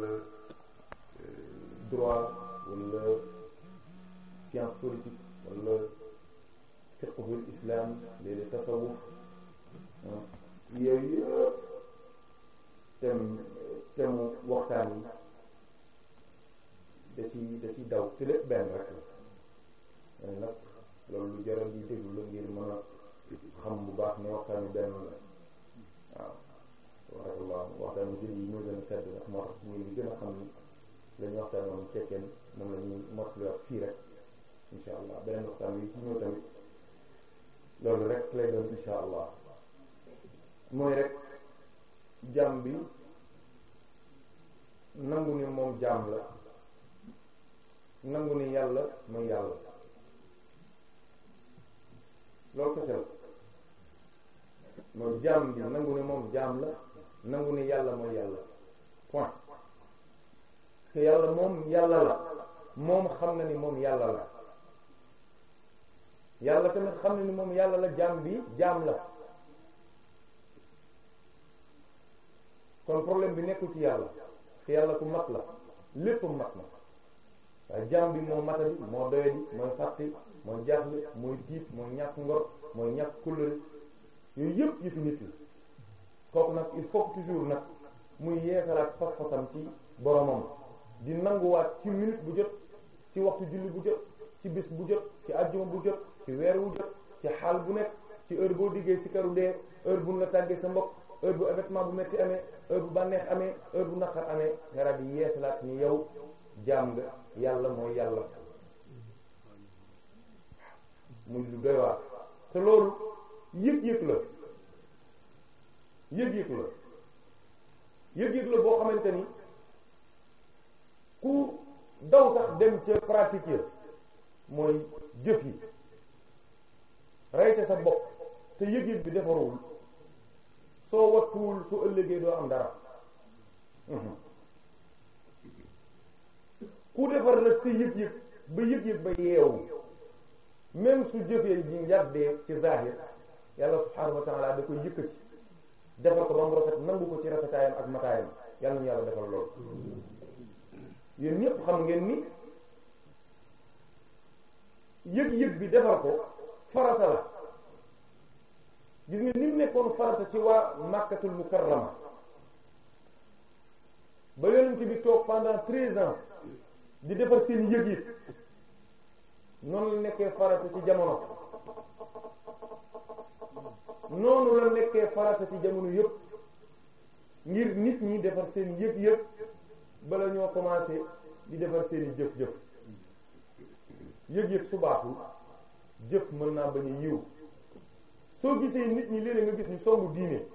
wala euh, droit wala science politique wala fiqhul islam léeg-léeg tasawuf yooyu yëpp thème thème waxtaan yi da ci da ci daw te benn rek la nag loolu lu jaral di déglu la ngir mën a xam bu baax ne waxtaan benn la waaw waxtaan bi yi ñoo gën a sedd ndax moo tax muy li gën a xam ni lañu waxtaan moom fekkee moom la ñuy fii rek insha allah loolu rek lay doon insha allah bi nangu ni moom jaam la nangu ni yàlla mooy yàlla loolu kese la mooy jaam bi nangu ni moom jaam la nangu ne yàlla mooy yàlla point te yàlla moom yàlla la moom xam na ni moom yàlla la yàlla tamit xam na ni moom yàlla la jaam bi jaam la kon problème bi nekkul ci yàlla parce que yàlla ku mat la lépp mat na waaye jaam bi moo matali moo doyadi mooy fàtti mooy jaaxle mooy tiit mooy ñàkk ngor mooy ñàkk kóllëre yooyu yëpp yëfi nit yi kooku nag il faut toujours nag muy yeesalaat fas-fasam ci boromam di nanguwaat ci minute bu jot ci waxtu julli bu jot ci bis bu jot ci ajjuma bu jot ci weer wu jot ci xaal bu nekk ci heure boo diggee ci karu dee heure bu la tàggee sa mbokk heure bu événement bu metti amee heure bu bànneex amee heure bu naqar amee ngara di yeesalaat ni yow jaam nga yàlla mooy yàlla muy lu doy waar te loolu yëpp yëpp la yëg-yëg la boo xamante ni ku daw sax dem ca pratique ya mooy jëf yi rey ca sa bopp te yëg-yëg bi defarul soo wattuwul su ëllëgee doo am dara mhm. ku defar la sa yëg-yëg ba yëg-yëg ba yeewu même su jëfee ji njàddee ci zahir yàlla subhanahu wa ta'ala da koy yëkkati defal ko ba mu rafet nangu ko ci rafetaayam ak mataayam yàlla nañu yàlla defal loolu yéen ñëpp xam ngeen ni yëg-yëg bi defar ko farata la gis nga ni nekkoon farata ci waa Makkatul Mukarrama ba yonent bi toog pendant treize ans di defar seen yëg-yëg noonu la nekkee farata ci jamono noonu la nekkee farata ci jamono yëpp ngir nit ñi defar seen yëpp yëpp bala ñoo commencé di defar seen i jëf-jëf yëg-yëg su baaxul mën naa bañ a yiw soo gisee nit ñi léeg nga gis ñu songu diine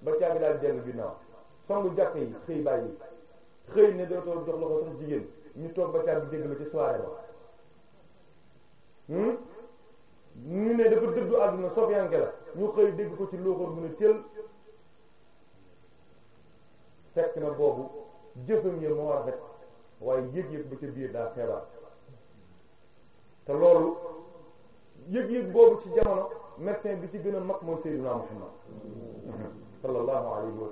ba caabi daal dellu ginnaaw songu jàkk yi xëy bàyyi xëy ne dootoo jox loxo sax jigéen ñu toog ba caabi dégg la ci soirée ba hmm? ñu ne dafa dëddu àdduna sofiyanke la ñu xëy dégg ko ci looxoor mu ne tël fekk na boobu jëfam ya moo rafet waaye yëg-yëg ba ca biir daa feebar te loolu yëg-yëg boobu ci jamono médecin bi ci gën a mag mooy Seydina Muhammad sallallahu alayhi wa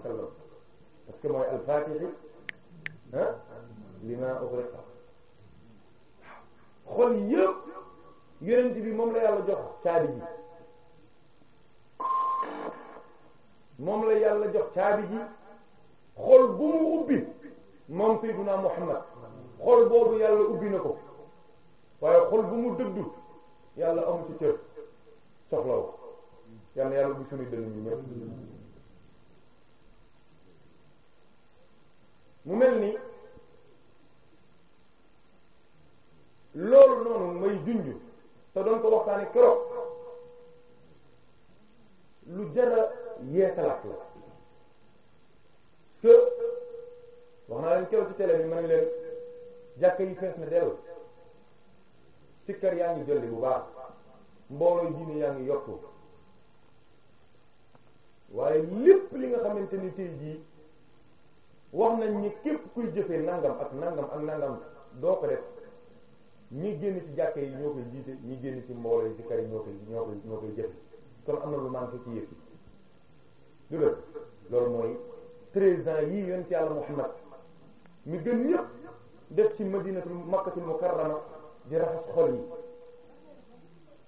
parce que mooy alfatixi ah li naa uxriqa xol yëpp yonent bi moom la yàlla jox caabi moom la yàlla jox caabi ji xol bu mu ubbi moom sayyiduna Muhammad xol boobu yàlla ubbi na ko waaye xol bu mu dëddu yàlla amu ci cër soxlaw yàlla yàlla bu suñu dënn ñu mu mel ni loolu noonu may junju te doon ko waxtaane keroog lu jara yeesalaat la parce wax naa leen keroog ci télé bi ma ne leen jàkka yi fees na dell sikkar yaa ngi jolli bu baax mbooloo diine yaa ngi yokku waaye lépp li nga xamante ni tey jii wax nañ ni képp kuy jëfee nangam ak nangam ak nangam doo ko def ñi génn ci jàkka yi ñoo koy jiite ñi génn ci mbooloo yi ci kër yi ñoo koy ñoo koy jëfe kon am na lu manqué ci yëf yi lu loolu mooy treize ans yii yonent yàlla Muhammad mi gën ñëpp def ci madinatul makkatul mukarrama di raxas xol yi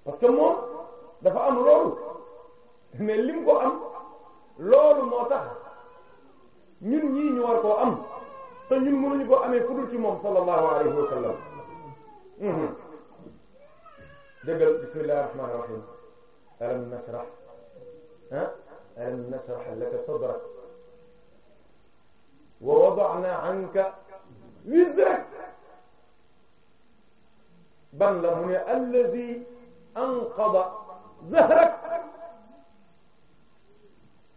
parce moom dafa am loolu mais lim ko am loolu moo tax ñun ñii ñu war koo am te ñun mënuñu koo amee fudul ci moom sallallahu alayhi wa Mm-hmm. dëggal bismillahi rahmaani rahim alam nashrah ah alam nashrah laka sadrak wa wada'na anka wizrak ban la mu ne allazi anqada zahrak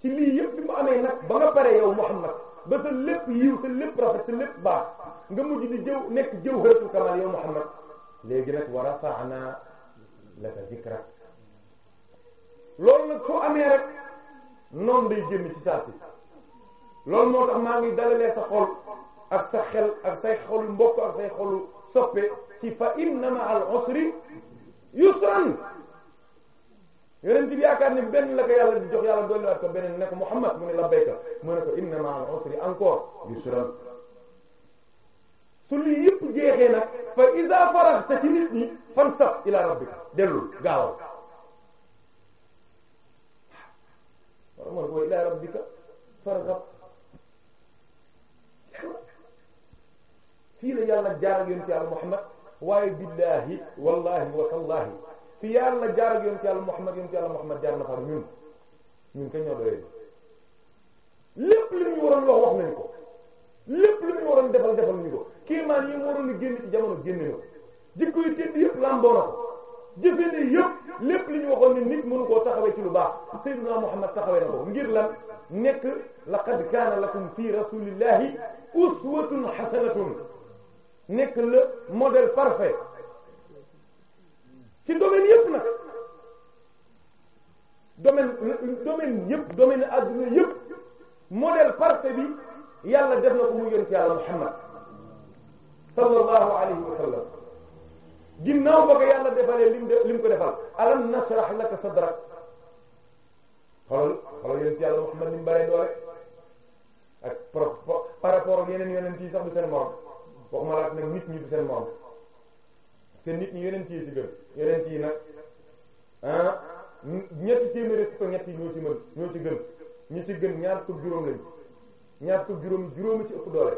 ci lii yëpp bi mu amee nag ba nga pare yow Muhammad ba sa lépp yiw sa lépp rafet sa lépp baax nga mujj di jëw nekk jëw hëratul kamal yow Muhammad léegi nag wa rafa'na laka zikra loolu nag soo amee rek noonu day génn ci saa si loolu moo tax maa ngi dalalee sa xol ak sa xel ak say xolu mbokk ak say xolu soppe ci fa inna ma'al usri yusran yonent bi yaakaar ne benn la ko yàlla di jox yàlla dolliwaat ko beneen ne ko Muhammad mu ne labbayka mu ne ko inna ma'al usri encore yusran su lii yëpp jeexee nag fa isa faraxta ci nit ñi fansab ila rabbik dellul gaawal waaw man ko ila rabbika fansab fii la yàlla jaar ak yonent yàlla Muhammad waaye billahi wallahi wa tallahi fii yàlla jaar ak yonent yàlla Muhammad yonent yàlla Muhammad jaar na far ñun ñun kañ ñoo doyee lépp li ñu waroon wax wax nañ ko lépp li ñu waroon defal defal ñu ko kéemaan yi mu waroon a génn ci jamono génne na jikko tedd yëpp lamboo na jëfe ne yëpp lépp li ñu waxoon ne nit mënu koo ci lu baax sayyiduna Muhammad taxawee na ko ngir lan nekk laqad kaana lakum fi rasulillahi uswatun hasanatun nekk le modèle parfait ci domaine yëpp nag domaine domaine yëpp domaine adduna yëpp modèle parfait bi yàlla def na ko mu yonent Muhammad sallallahu alayhi wa sallam ba ko yàlla defalee lim lim ko defal alam nasrah laka sadrak xoolal xoolal yonent yàlla Muhammad ni mu baree ak par rapport ak yeneen yonent yi sax du seen morom waxuma la nag nit ñi du seen morom te nit ñi yonent yi ci gën yonent yi nag ah ñetti téeméeri ko ñett yi ñoo ci mën ñoo ci gën ñi ci gën ñaar ko juróom lañ ñaar ko juróom juróomi ci ëpp doole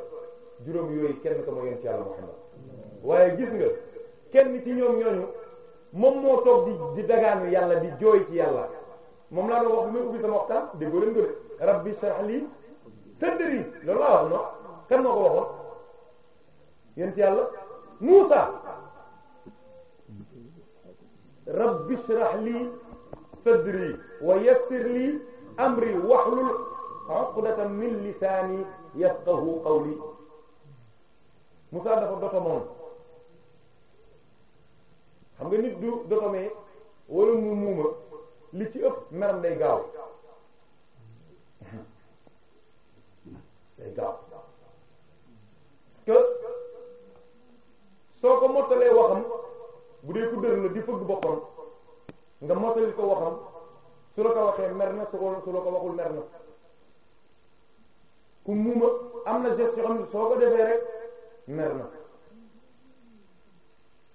juróom yooyu kenn ko mooy yonent yàlla Muhammad waaye gis nga kenn ci ñoom ñooñu moom moo toog di di dagaanu yàlla di jooy ci yàlla moom laa doon wax bi muy ubbi sama waxtaan déggoo leen gën rabbi shrah li sadri loolu laa wax non kan moo ko waxoon yonent yàlla Muusa rabbi shrah li sadri wa yassir li amri wahlul uqdatan min lisani yafqahu qawli Moussa dafa dotamoon xam nga nit du dotamee wala mu muuma li ci ëpp meram day gaaw day gaaw que soo ko mottalee waxam bu dee ku dër la di fëgg boppam nga mottali ko waxam su la ko waxee mer na su ko su la ko waxul mer na ku muuma am na geste yoo xam ne soo ko defee rek mer na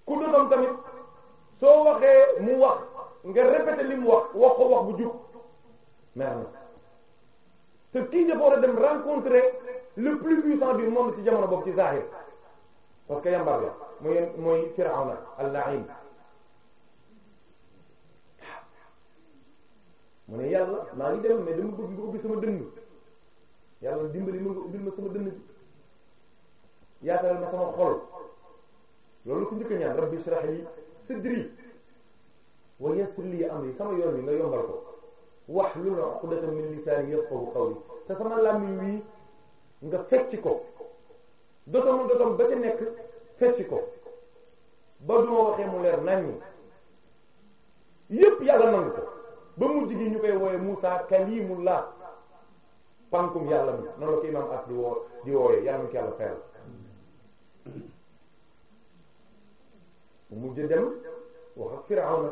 ku dotom tamit soo waxee mu wax nga répété li wax wax ko wax bu jub mer na te kii a dem rencontrer le plus puissant du monde ci jamono boobu ci zahir parce que yambar la mooy mooy Firawna al-la'in mu ne yàlla maa ngi dem mais dama nga ubbi sama dënn yàlla dimbali ma nga ubbil ma sama dënn bi yaatalal ma sama xol loolu ku njëkk a ñaan rabbi shrah li sadri wa yassir li amri sama yoon wi nga yombal ko wahlul uqdatan min lisani yafqahu qawli te sama làmmiñ wi nga fecc ko dotamu dotam ba ca nekk fecc ko ba du ma waxee mu leer naññi yépp yàlla nangu ko ba mujj gi ñu koy woowe Musa kalimullah pankum yàlla mi noonu la ko imaam as di woo di woowee yàlla na ko yàlla fayal mu mujj dem wax ak Firawna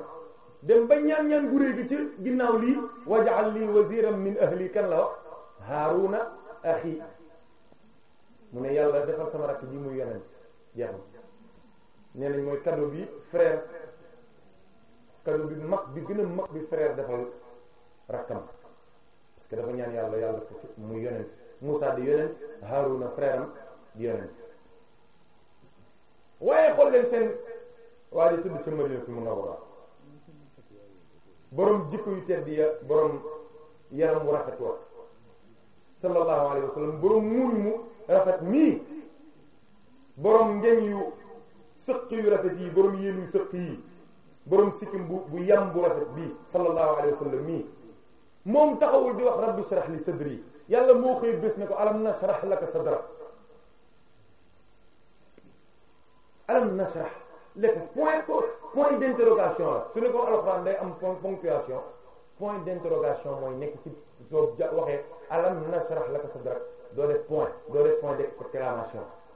dem ba ñaan ñaan gu gi ci ginnaaw lii waj'al lii waziran min ahli kan la wax Haaruna axi mu ne yàlla defal sama rakk ji muy yonent jeex nee nañ mooy cadeau bi frère cadeau bi mag bi gën mag bi frère defal rakkam parce dafa ñaan yàlla yàlla muy yonent Moussa di yonent Haaruna frère di yonent waaye xool leen seen waa ji tudd ca Madinatul Munawwara borom jikko yu tedd ya borom yaram wu rafet wa sallallahu alayhi wa sallam borom muuñ mu rafet mii borom ngeñ yu sëq yu rafet yi borom yéen yu sëq yi borom sikkim bu bu yam bu rafet bii sallallahu alayhi wa sallam mii moom taxawul di wax rabbi shrah li sadri yàlla moo xëy bés ne ko alam nashrah laka sadrak alam nasrah lépp point point d'interrogation la su ne ko alxuraan day alam nasrah laka sadrak doo def point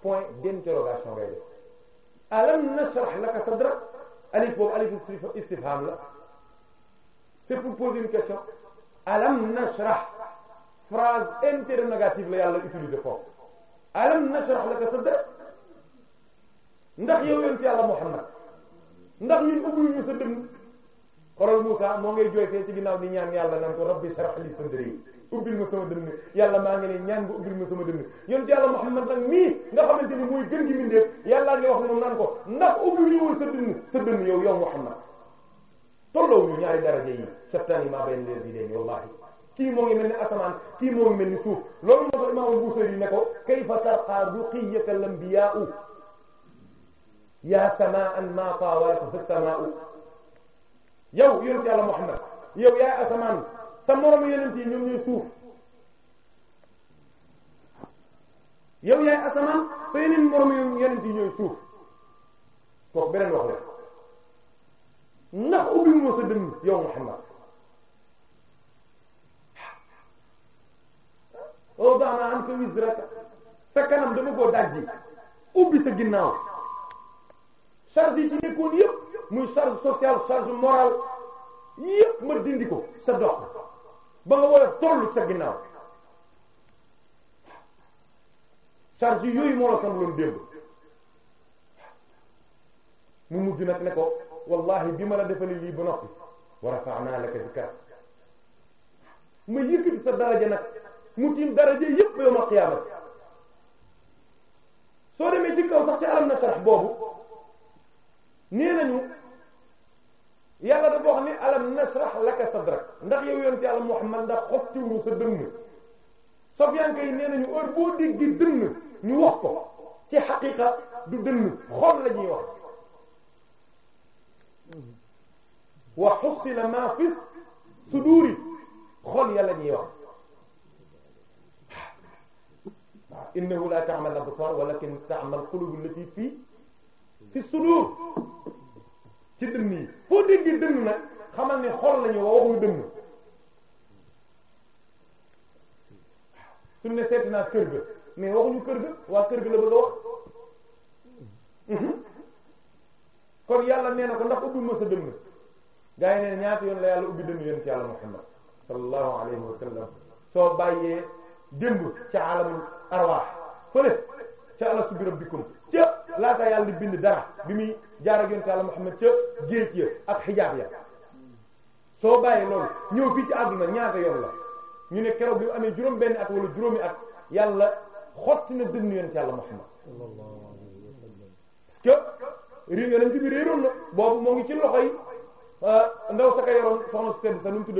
point d'interrogation ngay alam nasrah laka sadrak alif boobu alif istifham la c'est pour poser une question alam nasrah phrase interrogative la yàlla utiliser foofu alam nasrah laka sadrak ndax yow yonent yàlla Muhammad ndax ñun ubbiwuñu sa dënn xolal ci ginnaaw ñaan yàlla nan ko rabbi sharh li sadri ubbil ma sama dënn yàlla maa ngi lay ñaan nga ubbil ma sama dënn yonent yàlla Muhammad nag nii nga xamante ni mooy gën gi mindeef yàllaa nga wax ne moom ko ndax ubbiwuñu woon sa dënn sa dënn yow yow Muhammad tolloo ñu ñaari daraja yi shattaani maa bayna al-laydi wallahi kii moo ngi mel asamaan kii moo ngi mel ni suuf loolu moo tax imam Busiri ne ko kayfa tarqa ruqiyyaka yaa samaan maa taawaatu fa samaa yow yonent yàlla Muhammad yow yaa asamaan sa moromu yonent yi ñoom ñooy suuf yow yaay asamaan sa yeneen moromu yonent yi ñooy suuf kooku beneen wax la ndax ubbi moo sa dënn yow Muhammad wada'naa anka wizraka sa kanam dama koo dajji ubbi sa ginnaaw. charge yi ci nekkoon yëpp muy charge sociale charge morale yëpp ma dindi ko sa dox ba nga war a tollu sa ginnaaw charge yooyu moo la samloon démb mu mujj nag ne ko wallahi bi ma la defalee lii ba noppi wa rafa'na laka dhikrak ma yëkkati sa daraja nag mu tiim daraja yëpp yawmal qiyaama soo demee ci kaw sax ci alam nashrah boobu nee nañu yàlla dafa wax ni alam nashrah laka sadrak ndax yow yonent yàlla Muhammad ndax xottiwuñu sa dënn Sofyan kay nee nañu heure boo dégg dënn ñu wax ko ci xaqiqa du dënn xol la ñuy wax wa xussila ma fi suduri xol ya la ñuy wax innahu la ta'mal absar walakin ta'mal qulub allati fi fi sudur ci dënn yi foo dégg dënn nag xamal ne xol lañu wax waxuñu dënn suñ ne seet naa kër ga mais waxuñu kër gi wax kër gi la bëgg a wax mhm. kon yàlla nee na ko ndax ubbi ma sa dënn gaa yi ne ñaata yoon la yàlla ubbi dënn yoon ci yàlla muhammad sallallahu alayhi wa soo bàyyee démb ca alamul arwaax fële ca ala subbi rabbikum ca laata yàlla di bind dara bi muy jaar ak yonent yàlla Muhammad ca géej ya ak xijaab ya soo bàyyee loolu ñëw fii ci àdduna ñaata yoon la ñu ne keroog bi mu amee juróom benn at wala juróomi at yàlla xotti na dënn yonent yàlla Muhammad parce que réew yonent bi na boobu moo ngi loxo yi ah, sa ka yoroon soxna sa nu mu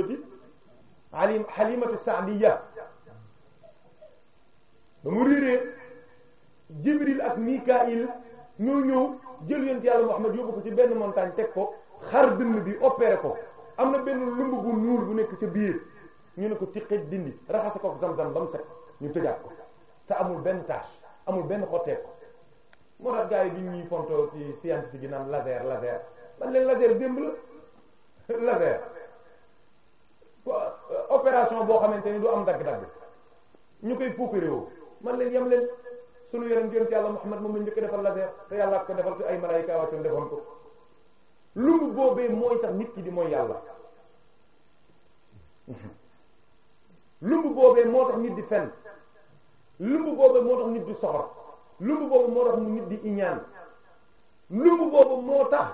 ba mu réeree Jibril ak Mikail ñu ñëw jël yonent yàlla Muhammad yóbbu ko ci benn montagne teg ko xar dënn bi opéré ko am na benn lumb bu ñuul bu nekk ca biir ñu ne ko ci xëj dindi raxase ko zam ba mu ñu tëjaat ko te amul benn tache amul benn xottee ko moo tax gars yi bi ñuy fonto ci scientifique yi naan laser laser man leen laser démb la laser euh, opération boo xamante ni du am dagg-dagg ñu koy puukaréew man leen yam leen sunu yeneen yonent yàlla Muhammad moom lañu njëkk defal la seer te yàlla ko defal te ay malaayika wàccoon defoon ko lu mu boobee mooy tax nit ki di mooy yàlla lumb boobee moo tax nit di fen lumb boobee moo tax nit di soxor lumb boobu moo tax nit di iñaan lumb boobu moo tax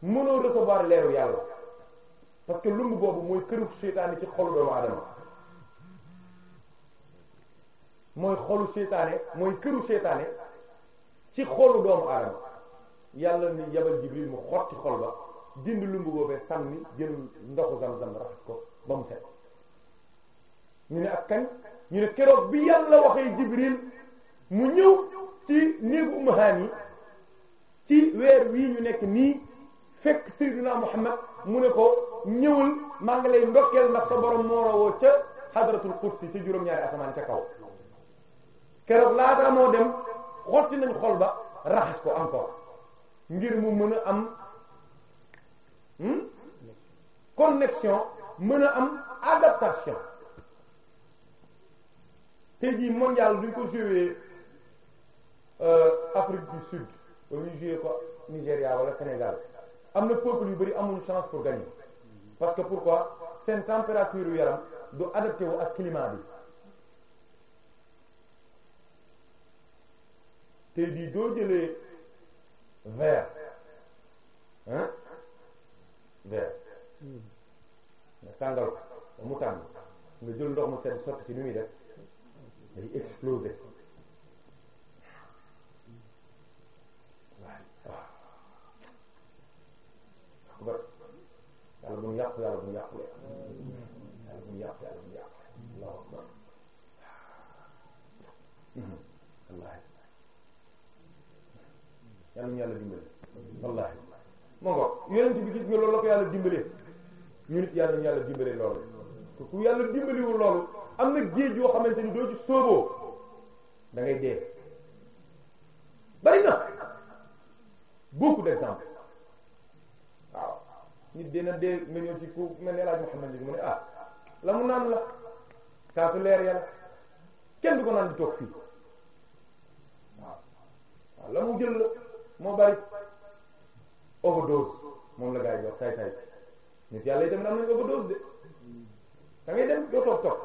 mënoo recevoir leeru yàlla parce que lumb boobu mooy këru seytaane ci xolu doomu aadama mooy xolu seytaane mooy këru seytaane ci xolu doomu aadama yàlla ni yabal jibril mu xotti xol ba dindi lumbu boobee sànni jël ndoxu zam-zam raxas ko ba mu set ñu ne ak kañ ñu ne keroog bi yàlla waxee jibril mu ñëw ci néegu ummahaan yi ci weer wii ñu nekk nii fekk Seydina Muhammad mu ne ko ñëwul maa ngi lay ndokkeel ndax sa borom moo rawoo ca xadratul qudsi ci juróom-ñaari asamaan ca kaw keroog laata moo dem xotti nañ xol ba raxas ko encore ngir mu mën a am hmm, connexion mën a am adaptation tey jii mondial duñ ko joué euh, Afrique du Sud wala ñu joué ko Nigéria wala Sénégal am na peuple yu bari amul chance pour gagner parce que pourquoi seen température yu yaram du adapté wu ak climat bi tey jii doo jëlee vert ah vert nga tàngal ko mu tàng nga jël ndox mu sedd sotti ni muy def day exploser waaw yàlla bu mu yàqu yàlla bu mu yàqu yàlla bu yàlla ñu yàlla dimbale wallaahi moo nga yonent bi gis nga loolu la ko yàlla dimbalee ñu nit yàlla ñu yàlla loolu yàlla dimbaliwul am na géej yoo xamante ni doo ci sóoboo da ngay dee bari na beaucoup d'exemples waaw nit dina dee nga ñëw ci ku mel ne El Hadj Mouhamed mu ne ah la mu naan la kaasu leer yàlla kenn du ko naan di toog fii waaw waaw la mu jël la moo bari overdose moom la gaa yi wax tay tay nit yàlla itam am nañ overdose de da ngay dem doo toog toog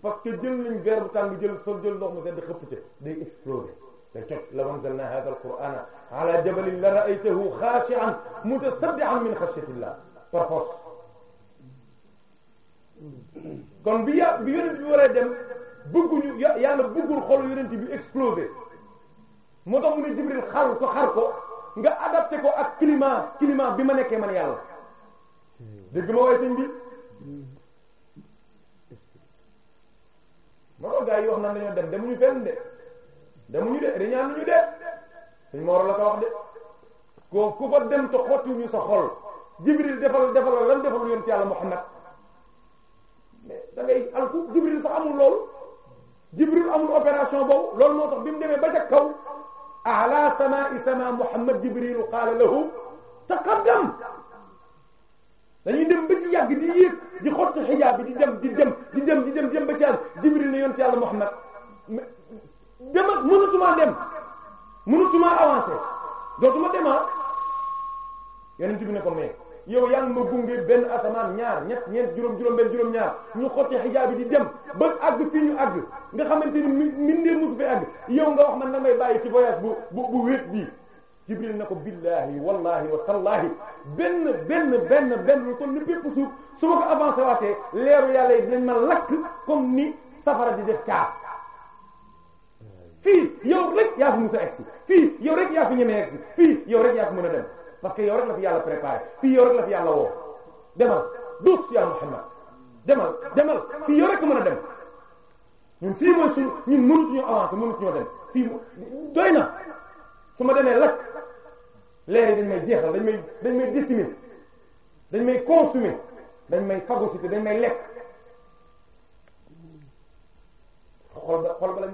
parce que jël nañ verre bu tàng jël soo jël ndox mu sedd xëpp ca day exploser day toj law anzalna hadha al-qur'ana ala jabalin la ra'aytahu khashi'an mutasaddi'an moo tax mu ne Jibril xar ko xar ko nga adapté ko ak climat climat bi ma nekkee man yàlla dégg ma way sëñ bi moo ko gars yi wax naan dañoo dem demuñu fenn de demuñu de riñaan ñu de suñ mooro la ko wax de ko ku fa dem te xottuñu sa xol Jibril defal defal lan defal yonent yàlla Muhammad mais da ngay alku Jibril sax amul loolu Jibril amul opération boobu loolu moo tax bi mu demee ba ca kaw ala samai sama Muhammad Jibril qaala lahu taqaddam dañuy dem ba ci yàgg di yéeg di xottu xijaab bi di dem di dem di dem di dem dem ba ci yàgg Jibril ne yonent yàlla Muhammad demal mënatuma dem mënatuma avancer dootuma demaa ah. yonent bi ne ko mais yow yaa ngi ma gunge benn asamaan ñaar ñett ñeent juróom juróom benn juróom ñaar ñu xotti xijaab bi di dem ba àgg fii ñu àgg nga xamante ni min dee musu fi àgg yow nga wax man na may bàyyi ci voyage bu bu bu wéet bii jibril na ko billahi wallahi wa tallahi benn benn benn benn lu toll ni bépp suuf su ma ko avancé waatee leeru yàlla yi dinañ ma lakk comme ni safara di def caas fii yow rek yaa fi musa egsi fii yow rek yaa fi ñemee egsi fii yow rek yaa fi mën a dem parce que yow rek la fi yàlla préparé fii yow rek fi yàlla woo demal duus ya Muhammad demal demal fii yow rek mën a dem ñun fii mooy fii doy na su ma demee lakk leer dañ may jeexal dañ may dañ may décimer dañ may consumer dañ may phagocyter dañ may lekk xool ba xool ba lañ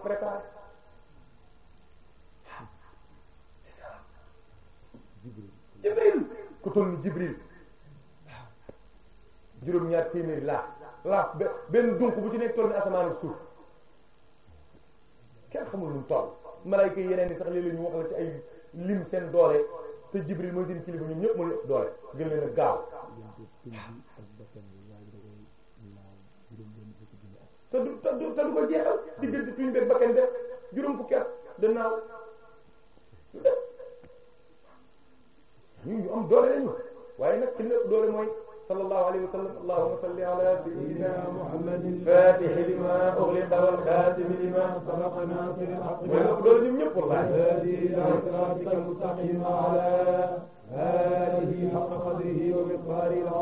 ku toll ni Jibril waaw juróom-ñaar téeméeri laaf laaf benn dunq bu ci nekk toll ni asamaan suuf kenn xamul lu mu toll malayka yeneen yi sax léeg-léeg wax la ci ay lim seen doole te Jibril mooy seen kilifa ñoom ñëpp mooy doole gën leen a gaaw te du te du te du ko jeexal diggante juróom fukki at danaaw ñu ñu am doole lañu waaye nag ci lépp doole mooy sallallahu alayhi wa sallam allahumma salli ala sayyidina muhammadin fatih lima ughliqa wal khatim lima sabaqa nasir al haqq mooy nag loolu ñun ñëpp wallahi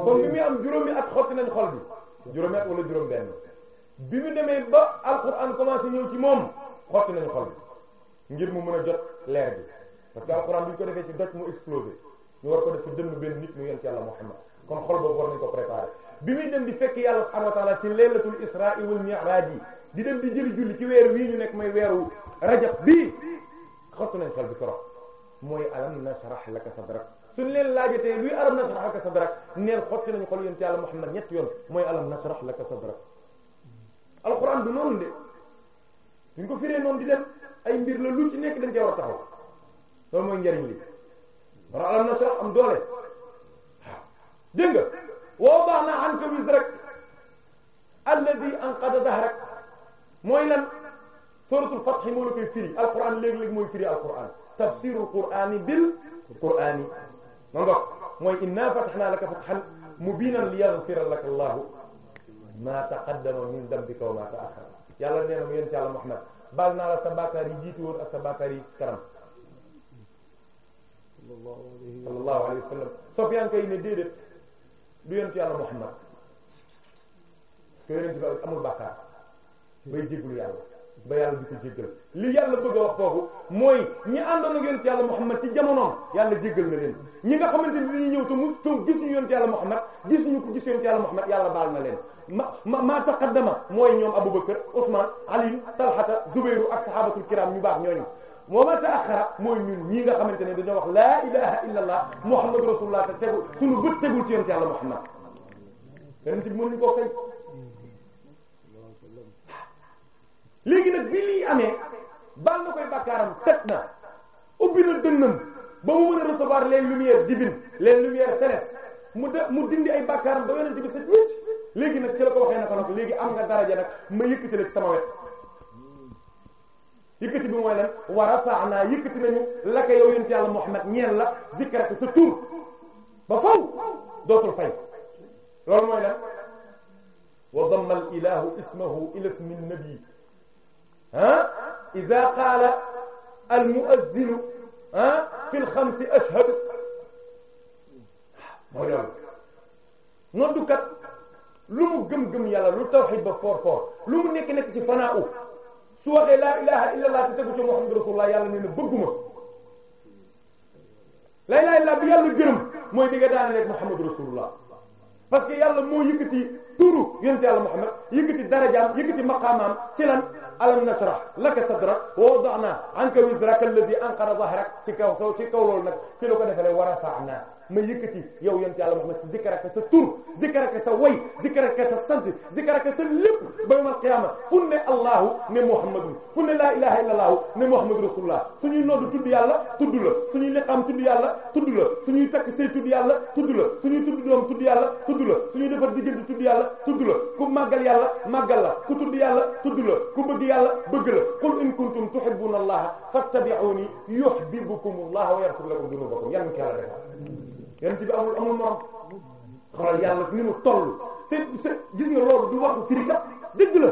kon bi muy am juróomi at xotti nañ xol bi juróomi at wala juróom benn bi mu demee ba alquran commencé ñëw ci moom xotti nañ xol bi ngir mu mën a jot leer bi parce que alquran bi ñu ko defee ci doj mu explosé ñu war ko def ko dënn benn nit mu yent yàlla Muhammad kon xol boobu war nañ ko préparer bi muy dem di fekk yàlla subhanahu wa ta'ala ci laylatul isra wal mi'raj yi di dem di jëli julli ci weer wii ñu nekk may weeru rajab bii xottu nañ xol bi trop mooy alam nashrah laka sadrak suñ leen laajatee luy alam nashrah laka sadrak neel xottu nañu xol yent yàlla Muhammad ñett yoon mooy alam nashrah laka sadrak alquran du noonu de duñ ko firee noonu di dem ay mbir la lu ci nekk dañ cee war a taxaw loolu mooy njariñ li war alam na sax am doole waaw dégg nga woo baax na an ka wis rek alladi anqada dahrak mooy lan suratul fath moo la koy firi alquran léeg-léeg mooy firi alquran tafsirul qur'ani bil qur'ani ma nga mooy inna fatahna laka fathan mubinan liyaghfira laka allahu ma taqaddama min dhanbika wa ma ta'akhkhara yàlla nee na mu yéen ci yàlla Muhammad baal naa la sa bàkkaar yi jiitu woon ak sa bàkkaar yi ci kanam sallallahu alayhi wa sallam Sofyaan kay ne déedéet du yonent yàlla Muhammad te yonent bi amul bàkkaar bay jéggalu yàlla ba yàlla di ko jéggal li yàlla bëgg a wax foofu mooy ñi àndoon ak yonent yàlla Muhammad ci jamonoom yàlla jéggal na leen ñi nga xamante ni dañuy ñëw te mu toog gis yàlla Muhammad gis ñu ko gis yonent Muhammad yàlla baal na leen ma ma ma taqaddama mooy ñoom Abubakar Usmaan Ali Talhata Zubayru ak sahabatul kiram ñu baax ñooñu wa ma ta'akhkhara mooy ñun ñii nga xamante ne dañoo wax laa ilaha illa allah muhammadu rasulullah te tegu suñu bët tegul ci yonent yàlla muhammad yonent bi mënuñu koo fay léegi nag bi lii amee baal na koy bàkkaaram set na ubbi na dënnam ba mu mën a recevoir les lumières divines les lumières célestes mu de mu dindi ay bàkkaaram ba yonent bi set wécc léegi nag ci la ko léegi am nga daraja nag ma yëkkati la yëkkati bi mooy lan wa rafa'na yëkkati nañu laka yow yonent yàlla Muhammad ñeen la zikraka sa tur ba faw dootul fay loolu mooy lan wa damma al ilahu ismahu ila ismi nabi ha idha qala al mu'azzin ha fi al khamsi ashhad mooy loolu noddukat lu mu gëm-gëm yàlla lu tawhid ba foor foor lu mu nekk nekk ci fanaa u su waxee laa ilaha illa allah te tegu ci muhammadu rasulullah yàlla nee na bëgguma laa ilaha illa bi yàlla gërëm mooy di nga daana nekk muhammadu rasulullah parce que yàlla moo yëkkati turu yonent yàlla muhammad yëkkati darajaam yëkkati maqaamaam ci lan alam nashrah laka sadrak wa wada'na anka wizrak alladhi anqara dhahrak ci kaw ci kaw loolu nag ci la ko defee war a faax naa ma yëkkati yow yonent yàlla Muhammad zikaraka sa tur zikaraka sa way zikaraka sa sant zikaraka sa lépp ba yawmal qiyaama fu ne Allahu ne Muhammadun fu ne laa ilaha illa Allahu ne Muhammadu rasulullah suñuy noddu tudd yàlla tudd la suñuy liqaam tudd yàlla tudd la suñuy takk say tudd yàlla tudd la suñuy tudd doom tudd yàlla tudd la suñuy defar diggante tudd yàlla tudd la ku màggal yàlla màggal la ku tudd yàlla tudd la ku bëgg yàlla bëgg la qul in kuntum tuhibbuna allaha fattabi'uni yuhibbukum allah wa yaghfir lakum dhunubakum yàlla na ko yàlla defal yonent bi amul amul morom xoolal yàlla ni mu toll c'est c'est gis nga loolu du waxu firi kat dëgg la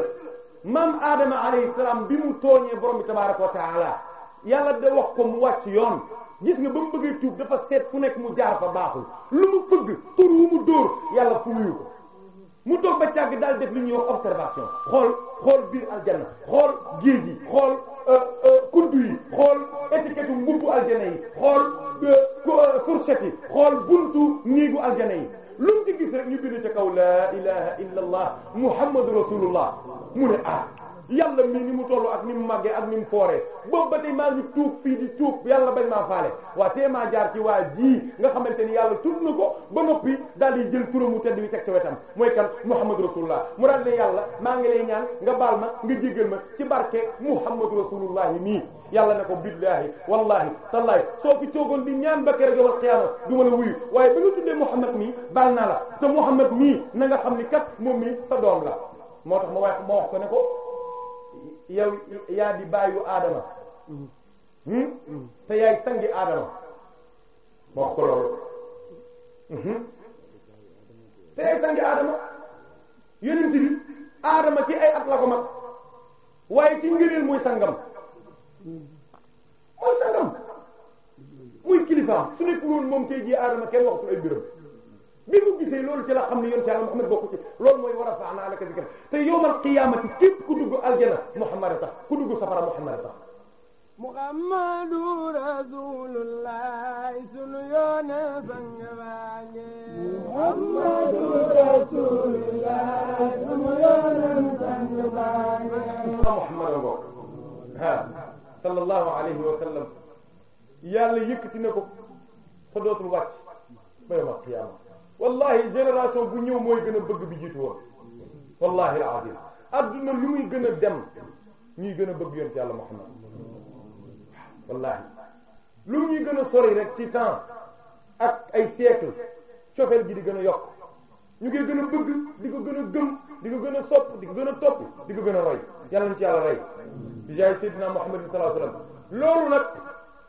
maam Adama alayhi salaam bi mu tooñee borom bi tabaaraka wa taala yàlla de wax ko mu wàcc yoon gis nga ba mu bëggee tuub dafa seet fu nekk mu jaar fa baaxul lu mu fëgg tur wu mu dóor yàlla fu wuyu ko mu toog ba càgg daal def li ñuy wax observation xool xool biir aljanna xool géej gi xool. kuntu euh, euh, yi xool étiquette mbubbu aljana yi xool euh, fourchette yi xool buntu niigu aljana yi lu mu ci gis rek ñu bind ca kaw laa ilaha illa allah muhammadu rasulullah mu ne ah yàlla mii ni mu toll ak ni mu màggee ak ni mu fooree boobu ba tey maa ngi tuub fii di tuub yàlla bañ maa faale waa tee maa jaar ci waa jii nga xamante ni yàlla tudd na ko ba noppi daal di jël turam mu tedd bi teg ci wetam mooy kan Muhammad Rasulullah mu daal ne yàlla maa ngi lay ñaan nga baal ma nga jéggal ma ci barke Muhammad Rasulullah nii yàlla ne ko billaahi wallahi tallaahi soo fi toogoon di ñaan ba keroog yawmal qiyaama du ma la wuyu waaye ba nga tuddee Muhammad mii baal naa la te Muhammad mii na nga xam ni kat moom mii sa doom la moo tax ma wax ma ko ne ko yow yaa di bàyyu aadama hmm? te yaay sangi aadama wax hmm? te yaay sangi aadama yonent bi aadama ci ay at la ko mag waaye ci ngëneel mooy sangam mooy sangam muy kilifa su nekkul moom tey jii aadama kenn waxtu biram bi mu gisee loolu ci la xam ne yonent Yàlla Muhammad bokku ci loolu mooy war a faanaa laka zikra te yawmal qiyaamati képp ku dugg aljana Muhammad tax ku dugg safara Muhammad tax Muhammadu Rasulullah sunu yoone sang baange Muhammadu Rasulullah sunu yoone sang baange Muhammad bokk ha sallallahu alayhi wa sallam yàlla yëkkati na ko fa dootul wàcc ba yawmal qiyaama wallahi génération bu ñëw mooy gën a bëgg bi jiitu woon wallahi alazim adduna lu muy gën a dem ñuy gën a bëgg yonent yàlla Muhammad wallahi lu ñuy gën a sori rek ci temps ak ay siècle cofeel gi di gën a yokk ñu koy gën a bëgg di ko gën a gëm di ko gën a sopp di gën a topp di ko gën a roy yàlla na ci yàlla roy bi jaay Seydina Muhammad sallallahu alayhi wasallam loolu nag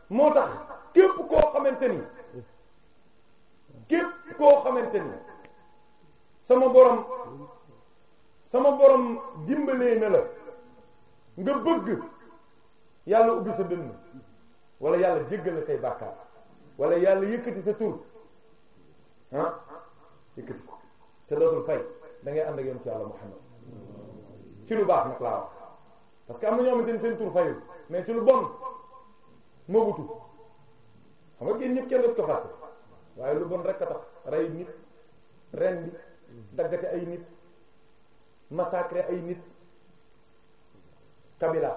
moo tax képp koo xamante ni képp koo xamante ni sama borom sama borom dimbalee na la nga bëgg yàlla ubbi sa dënn wala yàlla jéggal la say bàkkaar wala yàlla yëkkati sa tur ah yëkkati ko te dootul fay da ngay ak yoon ci yàlla Muhammad ci lu baax nag laa wax parce que am na ñoo xamante ni seen tur fayul mais ci lu bon moo gutu xam nga géen ñëpp kenn daf ko fàtte waaye lu bon rek a tax rey nit rendi daggate ay nit massacre ay nit Kabila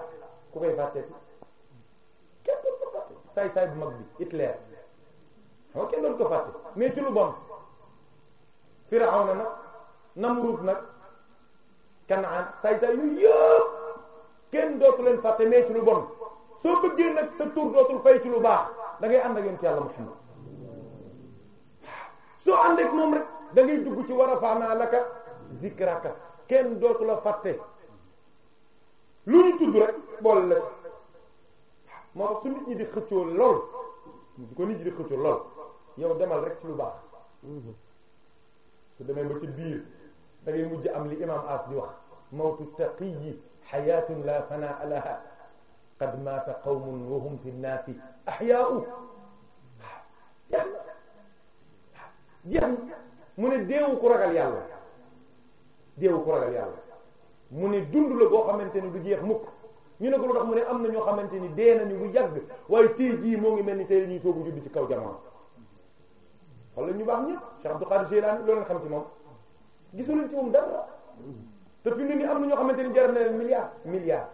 ku koy fàtteeti kenn doon ko fàtte saay saay bu mag bi Hitler xam kenn doon ko fàtte mais ci lu bon Firawna nag nag Kanaan saay saay yu kenn dootu leen fàtte mais ci lu bon soo bëggee nag sa tur dootul fay ci lu baax da ngay ànd ak yéen ci yàlla Muhammad soo ànd ak moom rek da ngay dugg ci war a faanaa laka zikraka kenn dootu la fàtte lu ñu tudd rek bool la moo tax su nit ñi di xëccoo lool du ko nit ñi di xëccoo lool yow demal rek ci lu baax su demee ba ci biir da ngay mujj am li imam as di wax mawtu taqiyi xayaatun la fanaa laha qad maata qawmun wa hum fi nnaasi axyaau waaw jeex mu ne deewu ku ragal yàlla deewu ku ragal yàlla mu ne dund la boo xamante ni du jeex mukk ñu ne ko lu tax mu ne am na ñoo xamante ni dee nañu bu yàgg waaye tey jii moo ngi mel ni tey la ñuy toogu judd ci kaw jamono wala ñu baax ñëpp Cheikh Abdou Qadir Jilani loo leen xam ci moom gisuleen ci moom dara te fi mu am na ñoo xamante ni jar na leen milliard milliard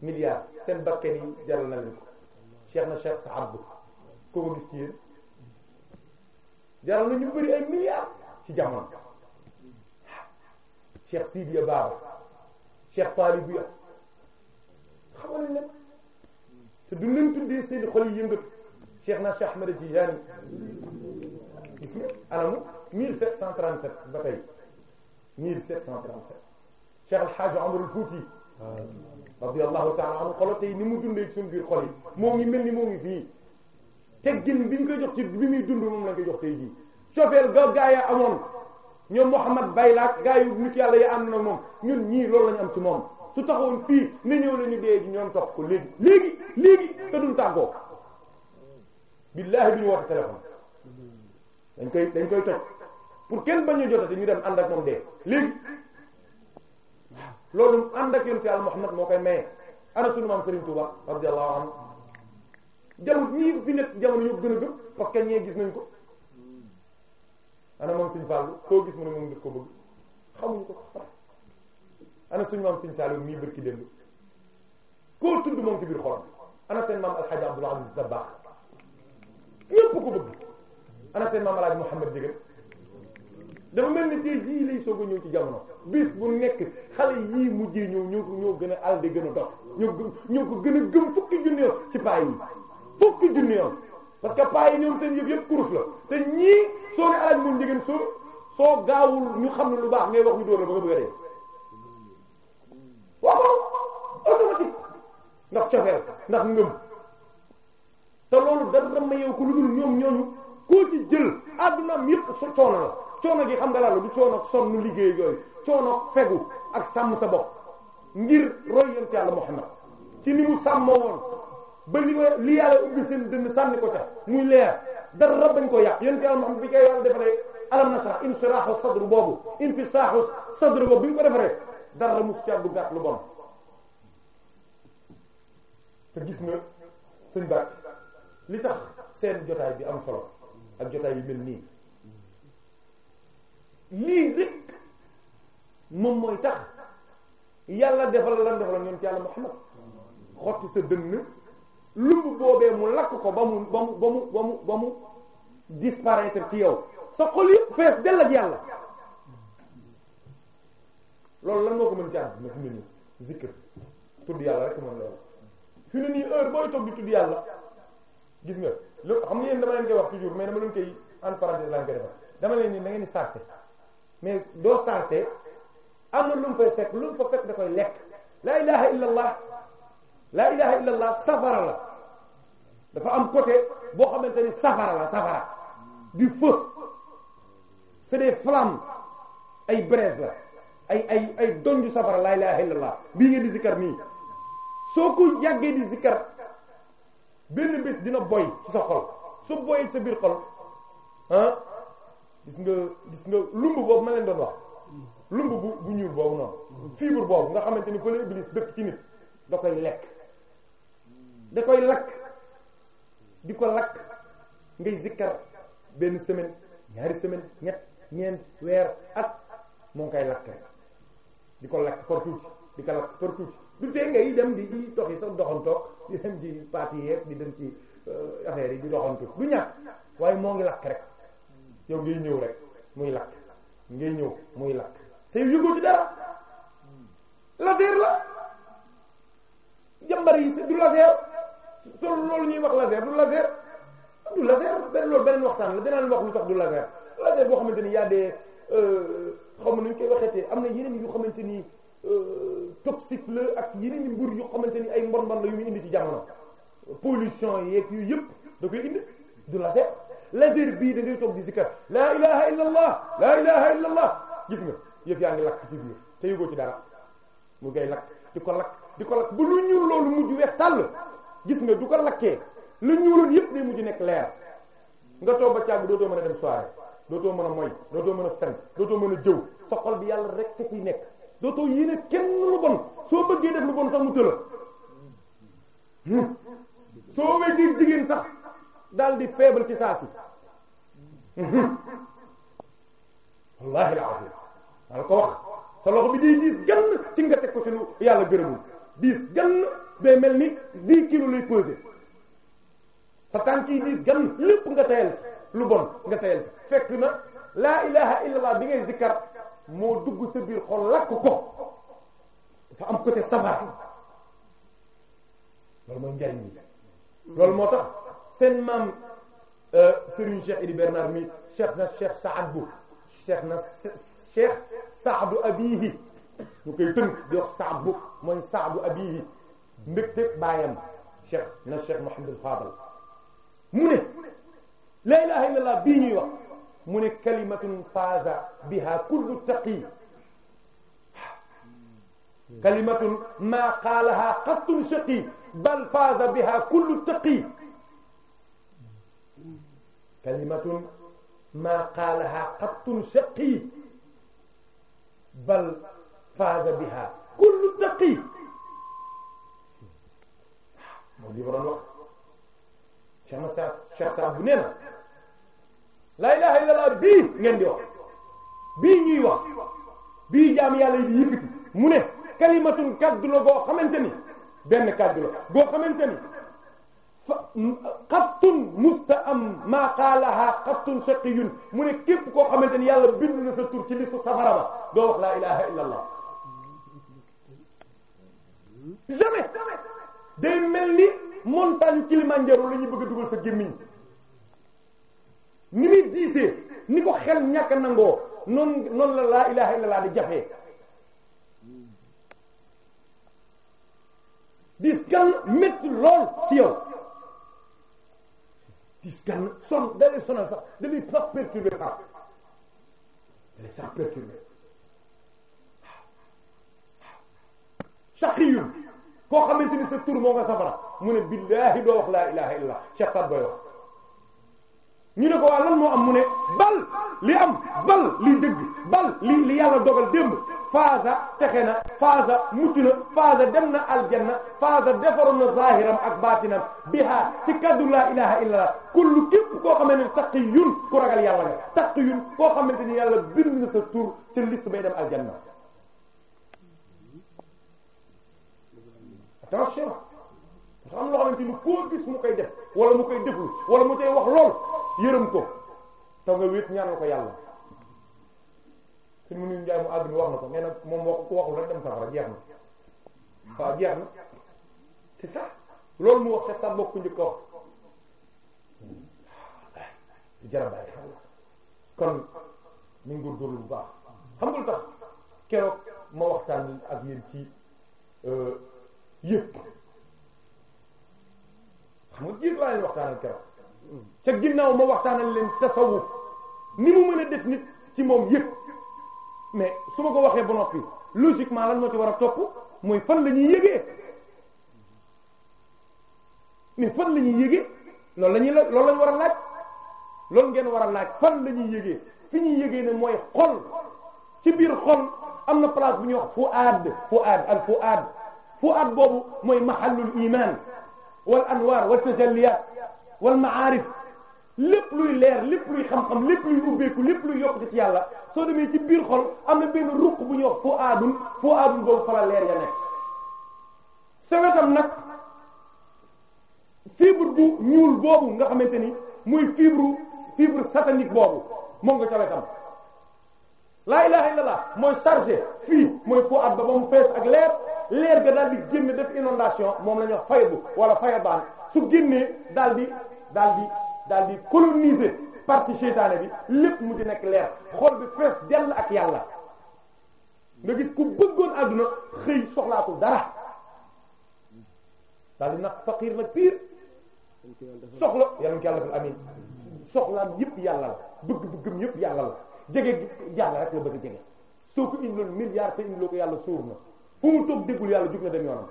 milliard seen bakken yi jaral na leen ko Cheikh na Cheikh Saad Bou koo ko jaral na ñu bëri ay milliards ci jamono Cheikh Sidiya Baba Cheikh Talib ya xamal leen te du leen tuddee seen xol yi yëngatu Cheikh na Cheikh Ahmed Tidiane gis nga anamu 1737 ba tey 1737 Cheikh El a Omar Al Fouti ta'ala anhu xolo tey ni mu dundee ci suñu biir xol yi moo ngi mel ni moo ngi fii teggin bi ñu koy jox ci bi muy dund moom lañ koy jox tey jii cofeel ga gaa ya amoon ñoom Mouhamad Baylaak gaa yu nit yàlla ya am na moom ñun ñii loolu lañu am ci moom su taxawoon fii ne ñëw nañu dee ji ñoom topp ko léegi léegi léegi te duñ tàggoo billaahi bi ñu wax téléphone dañ koy dañ koy toj pour kenn bañ a jotati ñu dem ànd ak moom dee léegi loolu ànd ak yonent yàlla Mouhamad moo koy maye ana sunu maam Serigne Touba radiyallahu anhu jaww ñii fi nekk jamono yëpp gën a gëm parce que ñee gis nañ ko ana moom suñ fàllu koo gis mu ne moom daf ko bëgg xamuñu ko ana suñ maam suñ Saalum mii bërki démb koo tudd moom ci biir xolam ana seen maam alxaaji Abdul Aziz Dabakh ñépp ko bëgg ana seen maam alxaaji Muhammad Jigéen dafa mel ni tey jii lay soog a ñëw ci jamono bis bu nekk xale yii mujjee ñëw ñoo ñoo gën a alde gën a dox ñoo ko gën a gëm fukki junni ci paay fukki junni yoon parce que paa yi ñoom te ñii soo ne alaaj mun njëgën soo soo gaawul ñu xam ne lu baax ngay wax ñu dóor la ba nga a dee waaw automatique ndax cofeel ndax ngëm te loolu dara ma yow ku lu dul koo ci jël addunaam yëpp coono la coono gi xam nga la du coono sonn liggéey yooyu coono fegu ak sàmm sa bopp ngir roy yonent Yàlla Muhammad ci ni mu sàmmoo woon ba li ma li yàlla ubbi seen dënn ko ca muy leer dara bañ ko yàq yéen yàlla xam bi koy yàlla defaree alam nashrah inshirahu sadr boobu infisaahu boobu bi ñu ko defaree dara mus ci du gàtt lu bon te gis nga li tax seen jotaay bi am solo ak jotaay bi mel nii lii rek moom mooy tax yàlla defal lan defal ñoom ci yàlla Muhammad xotti sa dënn lumb boobee mu lakk ko ba mu ba mu ba mu ba mu ba mu ci yow sa xol yëpp fees dell ak yàlla loolu lan moo ko mën ci àdduna fi mu ne nii zikr tudd yàlla rek mën loolu fi mu nii heure booy toog di tudd yàlla gis nga lu xam nga yéen dama leen koy wax toujours mais dama leen koy en parenthèse lan koy defal dama leen ni na ngeen mais doo sarse am na lu mu fay fekk lu mu fa fekk da koy lekk la ilaha illallah laa ilaha illallah safara la dafa am côté boo xamante ni safara la safara du feu c'est des flammes ay braise la ay ay ay donju safara laa ilaha illallah bii nga di zikkar nii soo ko yàggee di zikkar benn bés dina boy ci sa xol su boyee ci sa biir xol ah gis nga gis nga lumb boobu ma leen doon wax lumb bu bu ñuul boobu noonu fibre boobu nga xamante ni fa la iblis dëkk ci nit da koy lekk da koy lakk di ko lakk ngay zikkar benn semaine ñaari semaine ñett ñeent weer at moo koy lakk di ko lakk par tuuti di ko lakk par du tee ngay dem di di dox yi sax doxantoog di dem ci euh, affaire yi di doxantu du ñàkk waaye moo ngi lakk rek yow ngay ñëw rek muy lakk ngay ñëw muy lakk te yëgoo ci dara laser la jàmbar yi du laser solo loolu ñuy wax laser du laser du laser beneen loolu beneen waxtaan la dinaan wax lu tax du laser laser boo xamante ni y a des euh, xaw ma koy waxeetee am na yeneen yu xamante ni euh, toxique la ak yeneen mbir xamante ni ay mbon mbon la yu muy indi ci jamono pollution yeeg yu yëpp da koy indi du laser laser bii da ngay toog di zikar laa ilaha illa allah gis nga yëf yaa ngi lakk ci biir te yëgoo ci dara mu ngay lakk di ko lakk di ko lakk bu lu ñuul loolu mujj weex tàll gis nga du ko lakkee la ñuuloon yépp day mujj nekk leer nga toog ba càgg dootoo mën a dem soirée dootoo mën a moy dootoo mën a fen dootoo mën a jëw sa xol bi yàlla rek ka ciy nekk dootoo yéene kenn lu bon soo bëggee def lu bon sax mu tëla soo weggee jigéen sax dal di feebal ci saa si wallahi alazim wala ko wax sa loxo bi diy diis gann ci nga teg ko ci lu yàlla gërëmul diis gann day mel ni dix kilos lay peser sa tànk yi diis gan lépp nga lu bon nga tayal fekk na la ilaha illallah bi ngay zikkar moo dugg sa biir xol lakk ko dafa am côté safar loolu mooy njariñ bi loolu moo tax seen maam euh, Serigne Cheikh Idi Bernard mi Cheikh na Cheikh Saad bu Cheikh na Cheikh Saadu abihi ñu koy tënk di wax Saad bu mooy Saadu abihi mbégte baayam cheikh na cheikh Mouhamadul Fadal mu ne la ilaha illallah bii ñuy wax mu ne kalimatun faaza biha kullu taqi kalimatun maa qaalaha qasdun shaqi bal faaza biha kullu taqi kalimatun maa qaalaha qasdun shaqi bal faaza biha kullu taqi moom li ko doon wax Cheikh la ilaha illallah bii ngeen di wax bii ñuy wax bii jaam yàlla yi di yëkkati mu ne kalimatun kaddu la boo xamante ni benn kaddu la boo xamante ni xattun musta am maa qaalaha mu ne képp koo xamante ni yàlla bind na sa tur ci listu safara ba doo la ilaha illallah jamais day mel ni montagne Kilimanjaro la ñuy bëgg a dugal sa gémmiñ ni muy diisee ni ko xel ñàkk nangoo noonu noonu la laa ilaha illallah di jafee diis kan métti lool ci yow diis kan son dalay sonal sax dalay sax perturbé par dalay sax perturbé waaw waaw saqiyu koo xamante ni sa tur moo nga safara mu ne billaahi doo wax laa ilaha illa cettat ba yo ne ko waa lan moo am mu ne bal li am bal li dëgg bal li li yàlla dogal démb faasa texe na faasa mucc na faasa dem na aljanna faasa defaroon na zahiram ak baatinam biha ci kaddu laa ilaha illallah kullu képp koo xamante ne taqiyun ku ragal yàlla nga taqiyun koo xamante ni yàlla bind na sa tur ci liste bay dem aljanna tranché la parce que am loo xamante ni koo gis mu koy def wala mu koy deful wala mu tey wax lool yërëm ko te nga wéet ñaanal ko yàlla su mu nuñ njaay mu àdduna wax na ko nee na moom wax ko waxul rek dem safara jeex na waaw jeex na c'est ça loolu mu wax sa sa bokku njëkk wax jarabaay kon ñu góorgóorlu bu baax xam nga lu tax keroog ma waxtaan ak yéen ci euh, yëpp xam nga jiir laa leen waxtaanal keroog ca ginnaaw ma waxtaanal leen tasawuf ni mu mën a def nit ci moom yëpp mais su ma ko waxee ba noppi logiquement la moo ci war a topp mooy fan la ñuy yëgee mais fan la ñuy yëgee loolu la ñuy la loolu lañ war a laaj loolu ngeen war a laaj fan la ñuy yëgee fi ñuy yëgee ne mooy xol ci biir xol am na place bu ñuy wax fuaad fuaad al fuaad fuaat boobu mooy mahallul iman wal anwaar wal tajalliyaat wal maarif lépp luy leer lépp luy xam-xam lépp luy ubbeeku lépp luy yokk ci yàlla soo demee ci biir xol am na benn ruq bu ñuy wax fuaadun fuaadun boobu fala leer ya nekk sawetam nag fibre bu ñuul boobu nga xamante ni muy fibre fibre satanique boobu moom nga sawetam laa ilaha illallah mooy chargé fii mooy ko at ba ba mu fees ak leer leer ga daal di génne def inondation moom la ñuy wax faydu wala fayadaan su génnee daal di daal di daal di coloniser partie seytaane bi lépp mu di nekk leer xol bi fees dell ak yàlla nga gis ku bëggoon àdduna xëy soxlaatul dara daal di nag faqiir nag piir soxla yàlla ko yàlla defal amiin soxlaam yëpp yàlla la bëgg-bëggam yëpp yàlla la jege yàlla rek la bëgg jege soo ko indiloon milliard te indiloo ko yàlla suur na fu mu toog déggul yàlla jug na dem yoonam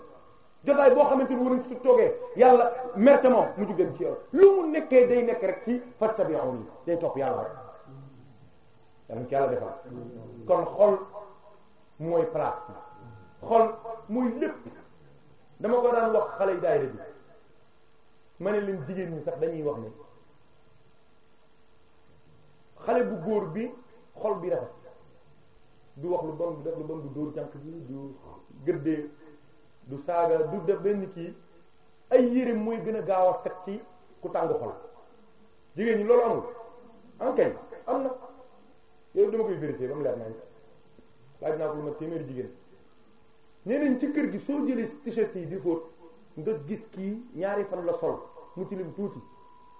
jotaay boo xamante ni war nañ su toogee yàlla merte moom mu jug dem ci yow lu mu nekkee day nekk rek ci fattabi'uni day topp yàlla rek yàlla ci yàlla defal kon xol mooy place bi xol mooy lépp dama ko daan wax xale yi daayira bi ma ne leen jigéen ñi sax dañuy wax ne xale bu góor bi xol bi rafet du wax lu bon du def lu bon du dóor jànk bi du gëddee du saaga du def benn kii ay yére mooy gën a gaaw a set ci ku tàng xol jigéen ñi loolu amul ankay ah, am na yooyu dama koy vérifier ba mu leer nañ laaj naa ko lu ma téeméeri jigéen ñeneen ci kër gi soo jëlee t-shirt yi di fóot nga gis kii ñaari fan la sol mu tilim tuuti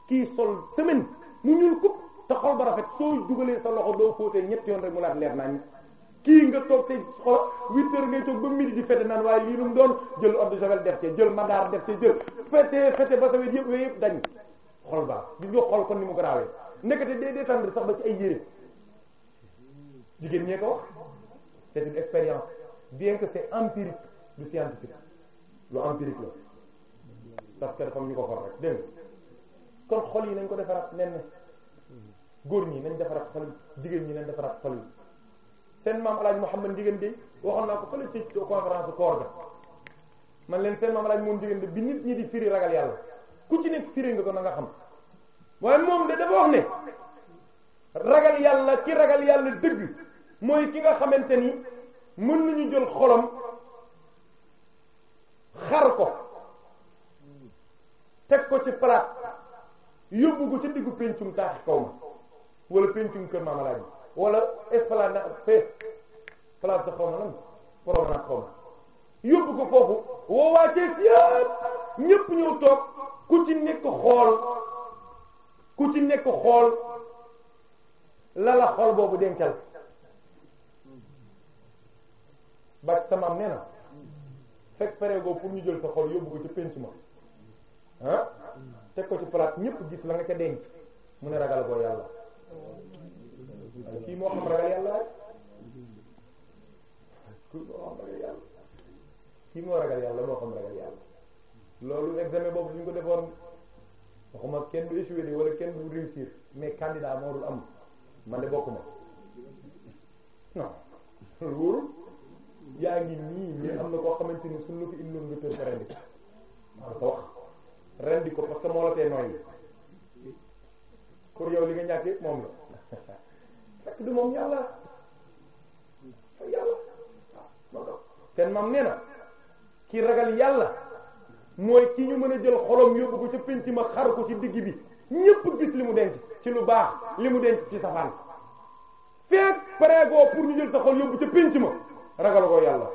kii sol semaine mu ñuul kukk sa xol ba rafet soo dugalee sa loxo doo fóotee ñetti yoon rek mu laat leer nañ kii nga toog te xol huit heures ngay toog ba midi di fete naan waaye lii lu doon jël eau de javel def ci jël madaar def ci jël fete fete ba sawet yëpp yëpp dañ xol ba di nga xol kon ni mu garaawee nekkate day détendre sax ba ci ay yére jigéen ñee ko c'est une expérience bien que c'est empirique du scientifique lu empirique la parce que dafa ñu ko xor rek dégg kon xol yi ko defaraat nen góor ñi nañ defaraat xol yi ñi nañ defaraat xol yi seen maam alaaj Mouhamed Ndieguène de waxoon naa ko fële ci conférence koor ga man leen seen maam alaaj moom Ndieguène de bi nit ñi di firi ragal yàlla ku ci nekk firi ko nanga xam waaye moom de dafa wax ne ragal yàlla ki ragal yàlla dëgg mooy ki nga xamante ni mën nañu jël xolam xar ko teg ko ci palaat yóbbu ko ci diggu pencum taax kaw ma wala pencum kër maam alaaji wala esplanade fe place de xaw ma lan promenade xaw yóbbu ko foofu woo waa Cees yëpp ñëpp ñëw toog ku ci nekk xool ku ci nekk xool la la xool boobu dencal ba sama am nee na fekk pareegoo pour ñu jël sa xol yóbbu ko ci penc ma ah teg ko ci place ñëpp gis la nga ca denc mu ne ragal ko yàlla kii moo xam ragal yàlla rek kii moo xam ragal yàlla moo xam ragal yàlla loolu examen boobu ñu ko defoon ma kenn du échoué de wala kenn du réussir mais candidat moo dul am man de bokk ma non wóorul yaa ngi nii mais am na koo xamante ni suñ la ko indiloon nga tër ko rendi ko wax rendi ko parce que moo la tee nooy pour yow li nga ñàkk yëpp moom la fekk du moom yàlla yàlla waaw seen maam nee na ki ragal yàlla mooy ki ñu mën a jël xolom yóbbu ko ca penc ma xar ko ci digg bi ñépp gis li mu denc ci lu baax li mu denc ci safaan fekk pareegoo pour ñu jël sa xol yóbbu ca penc ma ragal ko yàlla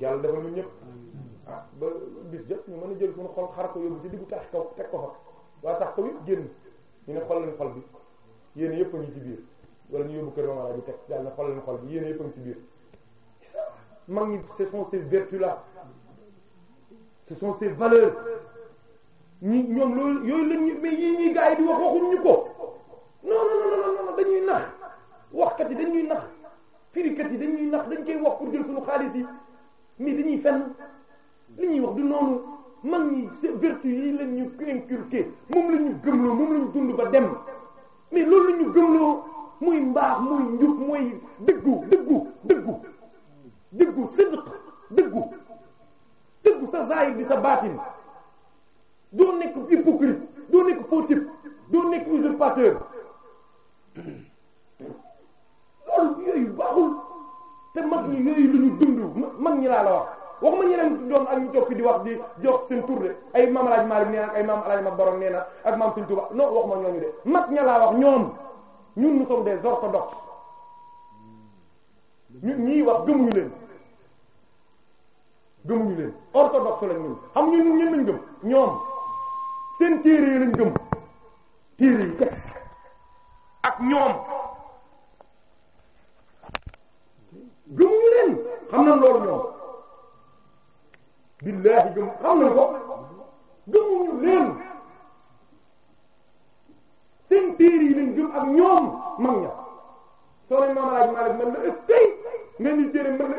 yàlla defal ñu ñépp ah, bis jot ñu mën a jël suñu xol xar ko yóbbu ci diggu tax ko teg ko fa waa tax kaw yëpp génn ñu ne xol leen xol bi yéen yëpp a ngi ci biir wala ñu yóbbu bi yéen a ngi ci biir. mag ñi ce sont ces vertus là ce sont ces valeurs ñi ñoom loolu yooyu la ñuy mais yii ñuy gars yi di wax waxuñ ko non non non non dañuy nax waxkat yi dañuy nax firikat yi dañuy nax dañ koy wax pour jël suñu xaalis yi mais dañuy fenn. li ñuy wax du noonu mag ñi seen vertu yi lañ ñu inculqué moom la ñu gëmloo moom la dund ba dem mais loolu la ñu gëmloo mooy mbaax muy njub muy dëggu dëggu dëggu dëggu sidq dëggu dëggu sa zahir bi sa baatin doo nekk hypocrite doo nekk fautif doo nekk usurpateur loolu yooyu baaxul te mag ñi yooyu lu ñu dund mag ñi laa la wax wax waxuma ñeneen doom ak ñu toog fi di wax di jox seen tur de ay maam alaaj Maalik nee ak ay maam alaaj ma borom nee na ak maam Sëriñ Tuuba non waxuma ñooñu de mag ña laa wax ñoom ñun nous sommes des orthodoxes ñu ñii wax gëmuñu leen gëmuñu leen orthodoxe lañ ñun xam ñu ñun ñun lañ gëm ñoom yi lañ gëm téere yi texte na loolu ñoom billaahi gëm xam nañ ko gëmuñu leen seen téere yi leen gëm ak ñoom mag ña soo leen maam laaj maa man la ëskay nga ni téere man la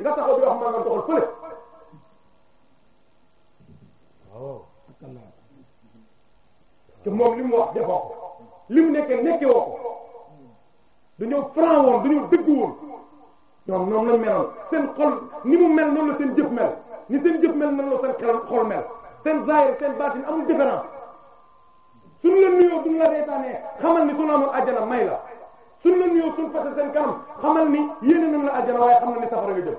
nga taxaw bi wax maa nga doxal fële waaw moom li mu wax defoo ko li mu nekkee nekkee woo dañoo franc woon dañoo dëgg woon ñoom noonu la meloon seen xol ni mu mel noonu la seen jëf mel ni seen jëf mel nan la seen xel xol mel seen zahir seen baatin amul différence suñ la nuyoo duñ la reetaanee xamal ni suñu amul ajjana may la suñ la nuyoo suñ fase seen kanam xamal ni yéene nañ la ajjana waaye xam na ni safara nga jëm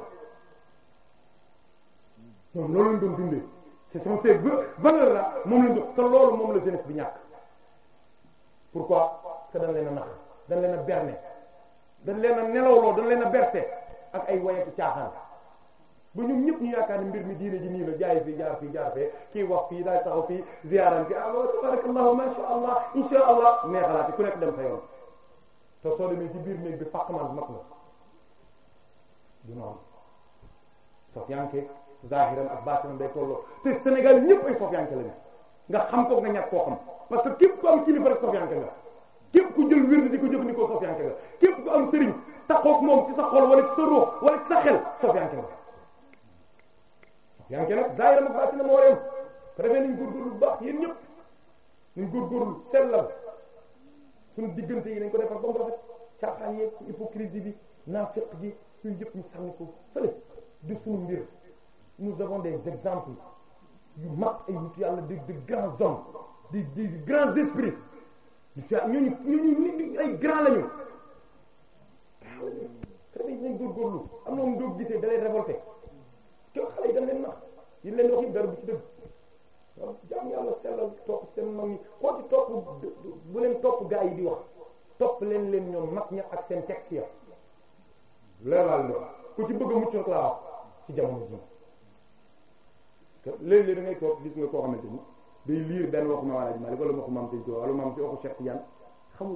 ñoom loolu lañ doon dundee c'est son c'est valeur la moom lañ doon te la jeunesse bi ñàkk pourquoi que dañ leen a nax dañ leen a berné dañ leen a nelawloo dañ leen a berté ak ay wayetu caaxaan bu ñoom ñëpp ñu yaakaar ne mbir mi diine ji nii la jaay fi jaar fi jaar fee kii wax fii daay taxaw fii ziaran fi ah tabarakallahu ma sha allah insha allah neexalaati ku nekk dem sa yoon te soo demee ci biir néeg bi fàqman mag na du noonu sofiyanke zahiran ak batinan day tolloo te Sénégal ñëpp ay sofiyanke lañu nga xam ko nga ñàkk koo xam parce que képp am kilifa rek sofiyanke nga képp ku jël wird di ko jëfandikoo sofiyanke nga képp ku am sëriñ taxoog moom ci sa xol wala ci sa ruux wala ci sa xel sofiyanke yaa ngi nag zaahira ma baatina moo yem ko defee lu góorgóorlu bu baax yéen ñëpp nañ góorgóorlu sellal suñu diggante yi nañ ko defar ba mu rafet caaxaan yeeg hypocrisie bi naafiq gi yooyu yëpp ñu sànni ko fële di suñu mbir nous avons des exemples yu mag ay nit yàlla de de grands hommes de de grands esprits ñooñu ñooñu ay grands lañu waaw. très bien nañ góorgóorlu am na woon doo gisee da lay te xale yi dañ leen nax yi leen wax dara bu ci dëgg waaw jaam yàlla sellal topp seen mag ñi koo ci topp bu leen topp gaa yi di wax topp leen leen ñoom mag ña ak seen texte ya leeral la ku ci bëgg a mucc nag laa wax ci jamono ji léeg-léeg da ngay toog gis nga koo ni day liir benn waxu ma wala ji Malik wala waxu maam Sëñ Tuubaa maam ci waxu Cheikh Tidiane xamu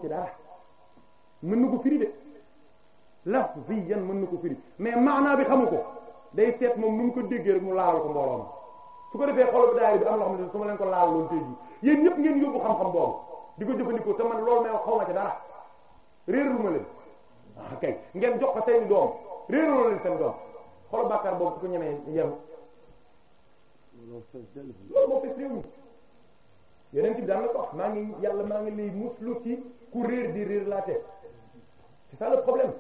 na ko firi de laf fii mën na ko firi mais maanaa bi xamu ko day seet moom nu mu ko déggee rek mu laal ko mbooloo su ko defee xolo bi daari bi am loo xam ne su leen ko laal loolu xam-xam boobu di ko jëfandikoo te man loolu may ma ci ah, kay ngeen jox ko seen doom réerloo leen seen doom xolo bàkkaar boobu ko ñemee loolu moo fes réew mi yeneen ci bi daan la maa ngi yàlla maa ngi lay muslu ci ku réer di réer laa tee c'est ça problème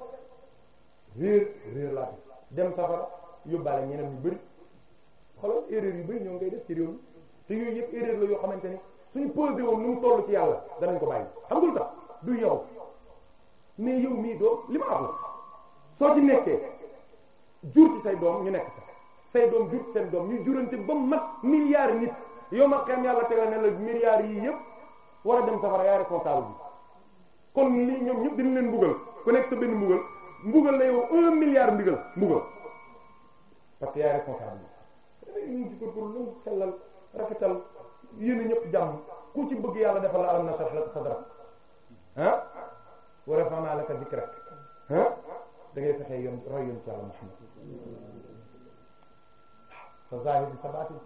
réer réer laa tee dem safara yóbbaale ñeneen ñu bëri xoolal éréer yu bëri ñoom ngay def ci réew mi te yooyu yëpp erreur la yoo xamante ni suñu posé woon nu mu ci yàlla danañ ko bàyyi xam nga lu tax du yow mais yow mii doo li ma am soo ci nekkee jur ci say doom ñu nekk say doom jur ci seen doom ñu jurante ba mat milliards nit yow ma xam yàlla tegal ne la milliards yii yëpp war a dem safara yaay responsable bi kon lii ñoom ñëpp dinañ leen mbugal ku nekk sa benn mbugal la yow un milliard mbugal parce que yaay responsable bi ñu ci góorgóorlu nangu sellal rafetal yéen ñëpp jàmm ku ci bëgg yàlla defal la alam nashrah laka sadrak ah wa rafa'na laka dhikrak ah da ngay fexe yoon roy yoon ci yàlla Muhammad sa zahir bi sa baatin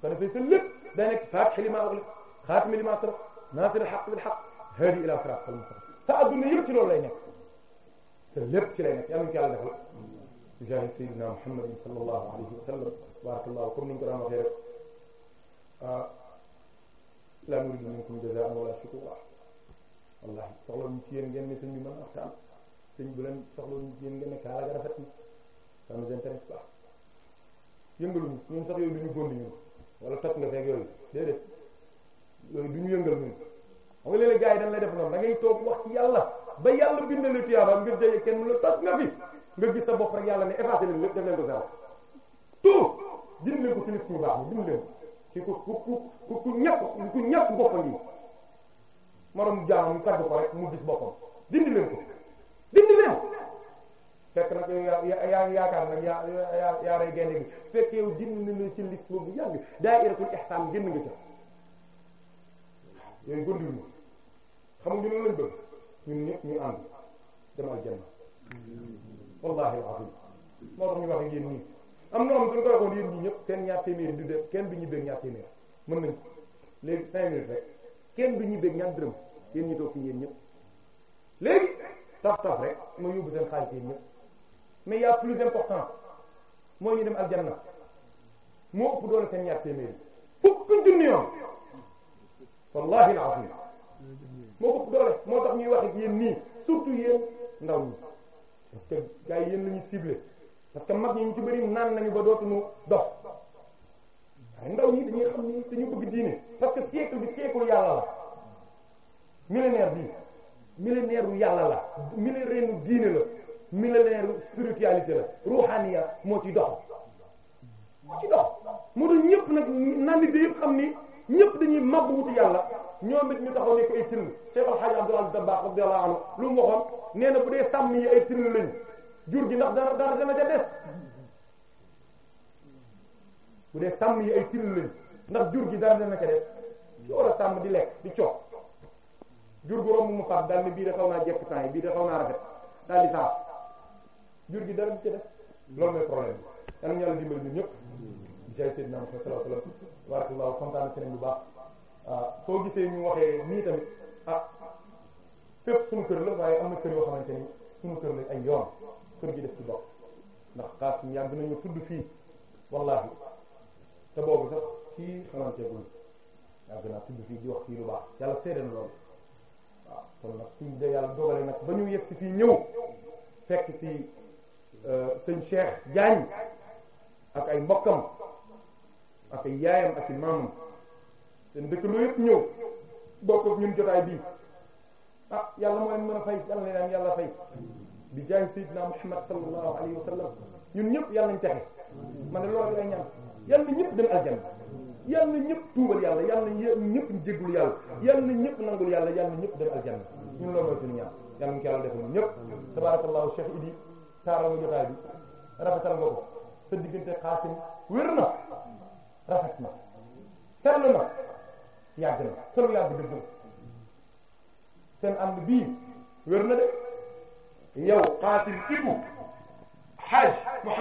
ko defee sa lépp day nekk faatihi limaa ughliq xaatimi limaa sabaq naasiril haqqi bil haqq haadi ilaa siraatikal mustaqiim sa adduna yëpp ci loolu lay nekk te lépp ci lay nekk yàlla ñu ci yàlla defal ci jaari Seydina Muhammad sallallahu alayhi wa sallam barakallahu comme ni ñu ko daan waxee rek ah, laa nuriidu minkum jazaa'an wala shukura wallahi soxla ñu ci yéen ngeen ne sëñ bi mën a waxtaan sëñ bu leen soxla ñu ci yéen ngeen ne kaala ga rafet na ça nous intéresse pas yëngaluñu ñun sax yooyu du ñu góndi ñun wala topp nga feeg yooyu déedéet yooyu du ñu yëngal ñun xam nga léeg-léeg gars yi dañ lay def noonu da ngay toog wax ci yàlla ba yàlla bind na tiyaaba mbir day kenn la tas nga fi nga gis sa bopp rek yàlla ne effacé leen lépp def leen ko zéro tout jënd leen ko ci nit baax jënd leen ci ku ku ku ku ku ñàkk boppam yi maanaam jaam mu kaddu ko rek mu gis boppam dindi leen ko dindi leen fekk nag yaa yaakaar nag yaa yaa yaa gaynde gi fekk yow dindi na ci liste boobu yàgg daa'iratul ihsaan génn nga ca yooyu góorgóorlu xam nga ñu ne bëgg ñun ñëpp ñu ànd dem aljanna wallahi alazim moo tax ñu wax ak yéen am na am ñëpp seen ñaar téeméer du du ñu bëgg ñaar téeméer mën nañ ñu bëgg ñaar dërëm yéen ma yóbbu seen xaalis yéen ñëpp mais y'a plus important moo ëpp doole seen ñaar téeméer fukk junni yoon wallahi moo ko doole moo tax ñuy wax ak yéen nii surtout yéen ndaw ñi parce que gars yi yéen la ñuy ciblé mag ñi ñu ci bëri naan nañu ba dootuñu dox waaye ndaw ñi dañuy xam ni dañu bëgg diine parce que siècle bi yàlla la millénaire bi millénaire wu yàlla la millénaire diine la millénaire spiritualité la ruuxaniya moo ci dox moo ci dox moo tax ñëpp nag naan di yëpp xam ni ñëpp dañuy màgg wutu yàlla ñoom it tax taxaw nekk ay till Cheikh El Hadj Abdoul Aziz Dabakh lu mu waxoon nee na bu dee sàmm yi ay till lañ jur gi ndax dara dara dana ca des bu dee yi ay till jur gi dara dana ca des ci war sàmm di lekk di coow jur gu romb mu faat daal ni bii da xaw naa jekk temps bii da xaw naa daal di jur gi dara du ca des loolu mooy problème bi. yàlla na yàlla dimbali ñun ñëpp. jaay Seydina Muhammad sallallahu alayhi wa sallam barakallahu kontaan nañu bu baax. waaw soo gisee ñu waxee nii tamit ah kër la waaye am na kër yoo xamante ni suñu kër la ay yoon kër gi def ci bopp ndax xaas yi yàgg nañu tudd fii wallaahi te boobu sax kii xamante guñ yàgg naa tudd fii di wax fii lu baax yàlla seede na loolu waaw kon nag de yàlla dogale nag ba ñu yegg si fii ñëw fekk si euh, sëñ Cheikh Diagne ak ay mbokkam ak ay ak i seen dëkk loo yëpp ñëw bokk ak ñun jotaay bii ah yàlla moo leen mën a fay yàlla na yàlla fay bi jaay sayyidina Muhammad sallallahu alayhi wa sallam ñun ñëpp yàlla nañ texe man loolu lay ñaan yàlla na ñëpp dem aljanna yàlla na ñëpp tuubal yàlla yàlla na ñëpp jéggul yàlla yàlla na ñëpp nangul yàlla yàlla na ñëpp dem aljanna ñun loolu mooy suñu ñaan yàlla nañ ko yàlla defal ñëpp tabarakallahu Cheikh Idi taaraw nga jotaay bi rafetal nga ko sa diggante xaasim wér na yàgg na xelu yàgg dëgg la seen ànd bii wér na de yow xaatim ibu xaaj Muhammad